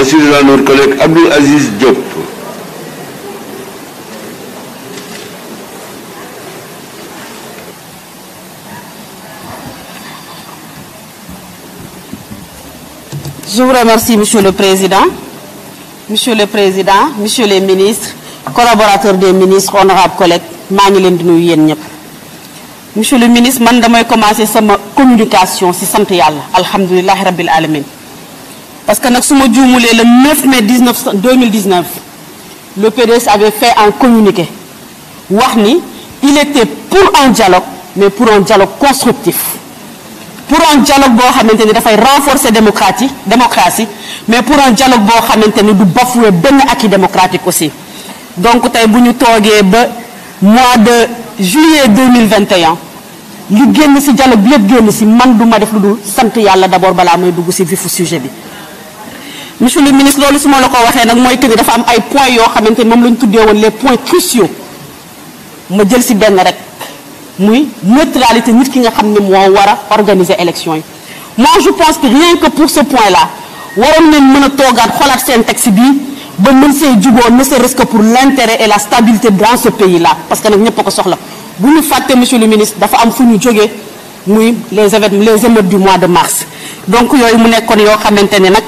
Ensuite, à notre collègue Abdul Aziz Diop. Je vous remercie, Monsieur le Président, Monsieur le Président, Monsieur les ministres, collaborateurs des ministres, honorables collègues, Monsieur le ministre, je vais commencer ma communication, c'est santé Alhamdulillah, Rabbil Alamin parce que le 9 mai 2019 le PDS avait fait un communiqué il était pour un dialogue mais pour un dialogue constructif pour un dialogue qui a renforcer la démocratie mais pour un dialogue qui a du bafouer acquis démocratique aussi donc au le mois de juillet 2021 li a un dialogue bi yëpp ci man d'abord ci sujet monsieur le ministre loolu su ma la ko waxee nag mooy que ni dafa am ay points yoo xamante ni moom la les points cruciaux ma jël si benn rek muy neutralité nit ki nga xam ne moo organiser élection yi. moi je pense que rien que pour ce point là waroon nañ mën a toogaat xoolaat seen texte bi. ba mën see juboo ne serait-ce que pour l'intérêt et la stabilité dans ce pays là parce que nag ñëpp a ko soxla bu ñu fàtte monsieur le ministre dafa am fu ñu muy les événements les émeutes du mois de mars donc yooyu mu nekkoon yoo xamante ne nag.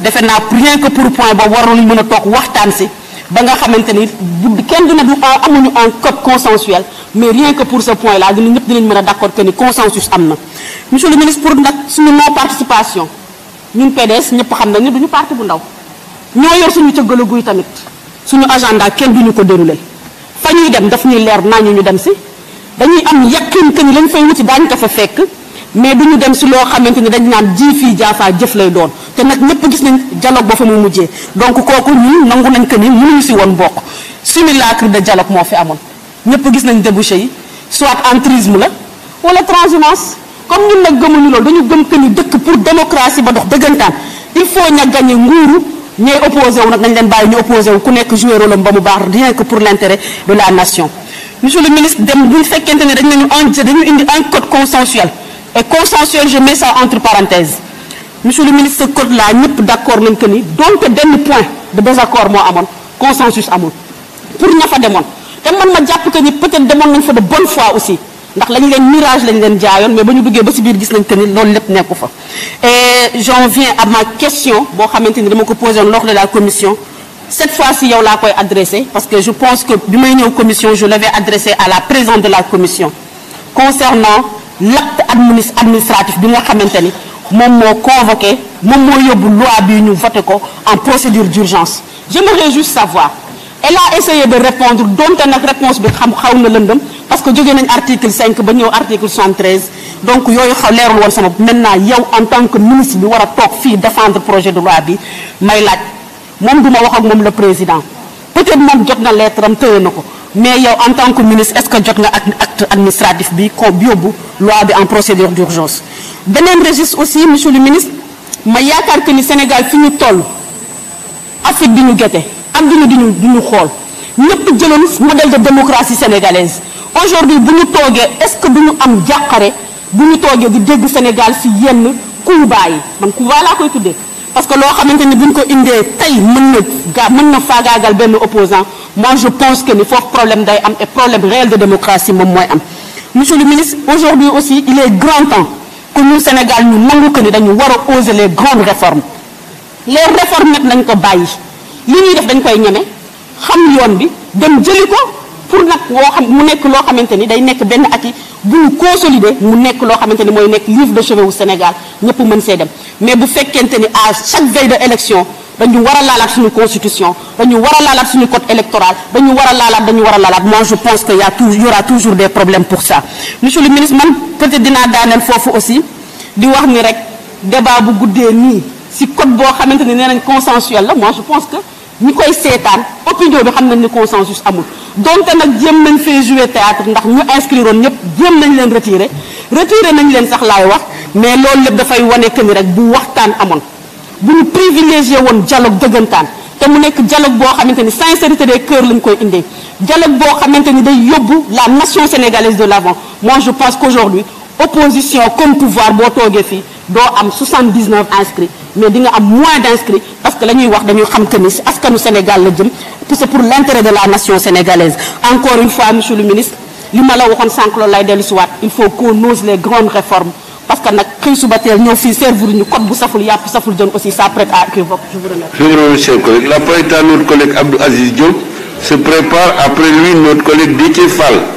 defe naa rien que pour point boobu waroon mën a toog waxtaan si ba nga xamante ni bu kenn dina du amuñu en code consensuel mais rien que pour ce point là ñun ñëpp dinañ mën a d' accord que ni consensus am na. monsieur le ministre pour nag suñu non participation ñun PDS ñëpp xam nañ ne duñu parti bu ndaw ñoo yor suñu cëggalu guy tamit suñu agendar kenn duñu ko déroulé fa ñuy dem daf ñuy leer nañu ñu ñu dem si dañuy am yàqin que ni lañ fay wuti daañu ko fa fekk. mais du ñu dem si loo xamante ni dañ naan ji fii jaafaa jëf lay doon te nag ñëpp gis nañ dialogue ba fa mu mujjee donc kooku ñun nangu nañ que ni mënuñu si woon bokk simulacre de dialogue moo fi amoon ñëpp gis nañ débouché yi soit entrisme la wala transhumance comme ñun nag gëmuñu loolu dañu gëm que ni dëkk pour démocratie ba dox dëggantaan il faut ña gañe nguuru ñooy opposé nag nañ leen bàyyi ñu opposé ku nekk joué ba mu baax rien que pour l' intérêt de la nation monsieur le ministre dem buñ fekkente ne dañ nañu dañu indi un code consensuel et consensuel je mets ça entre parenthèses monsieur le ministre Code la ñëpp d'accord accord Donc dernier ni de bon point de désaccord moi, consensus consensus moi. pour ña fa demoon moi. moi ma jàpp que ni peut être demoon une fa de bonne foi aussi ndax a un mirage a un jaayoon mais ba ñu duggee ba si biir gis nañ que ni loolu lépp nekku fa et j'en viens à ma question Bon, je vais dama ko poser lors de la commission cette fois-ci yow la koy adressé parce que je pense que bi may la commission je l'avais adressé à la présidente de la commission concernant l'acte administratif bi nga xamanteni mon mot convoqué mon moo de loi bi ñu voté ko en procédure d'urgence j'aimerais juste savoir elle a essayé de répondre dont nak réponse bi xam xawna parce que jógee nañ article 5 ba ñëw article 73 donc yoyu xaw leerul won sama maintenant yow en tant que ministre bi wara tok fi défendre projet de loi bi may laaj mom duma wax ak mom le président peut-être mom jot na lettre am teyé na ko mais yow en tant que ministre est-ce que jot nga acte administratif bi ko yóbbu loi bi en procédure d'urgence beneen registre aussi monsieur le ministre ma yaakaar que ni Sénégal fi ñu toll Afrique di ñu gete ak duñu diñu di ñu xool ñëpp modèle de démocratie sénégalaise aujourd'hui bu nous toogee est-ce que du ñu am jàqare nous ñu du di dégg Sénégal si yenn Cuba yi man Cuba laa koy tuddee parce que loo xamante ni bu ñu ko indee tey mën na gaa opposants. opposant moi je pense que nous avons problème day am et problème réel de démocratie mom moy am monsieur le ministre aujourd'hui aussi il est grand temps que nous, au Sénégal nous nangu que nous waro oser les grandes réformes les réformes nag nañ ko bàyyi li ñuy def dañ koy ñeme xam yoon bi dem jëliko pour nak wo xam mu nekk lo xamanteni day nekk Ben at nous bu consolider mu nekk lo xamanteni moy mooy nekk livre de cheveux au Sénégal ñëpp mën see dem mais bu fekkenteni à chaque veille de élection constitution dañu code électoral moi je pense qu'il y aura toujours des problèmes pour ça monsieur le ministre peut-être aussi di wax ni rek débat si code boo consensuel moi je pense que nous, koy seetaan opinion bi de consensus Donc, Donc, nous jéem nañ jouer théâtre nous inscrire retirer retirer nañ leen la mais loolu allons faire que ni rek nous privilégions privilégier dialogue de te mu le dialogue a xamante sincérité des cœurs Le dialogue de la nation sénégalaise de l'avant moi je pense qu'aujourd'hui opposition comme pouvoir doit toogee 79 inscrits mais il y a moins d'inscrits parce que nous avons wax que nous, sommes Sénégal c'est pour l'intérêt de la nation sénégalaise encore une fois monsieur le ministre il faut qu'on ose les grandes réformes parce que nak xëy suba teel ñëw fii servir ñu code bu saful yàpp saful jën aussi ça prête à je vous remercie. je vous remercie la parole est à notre collègue Abdou Aziz Diop se prépare après lui notre collègue Déthié Fall.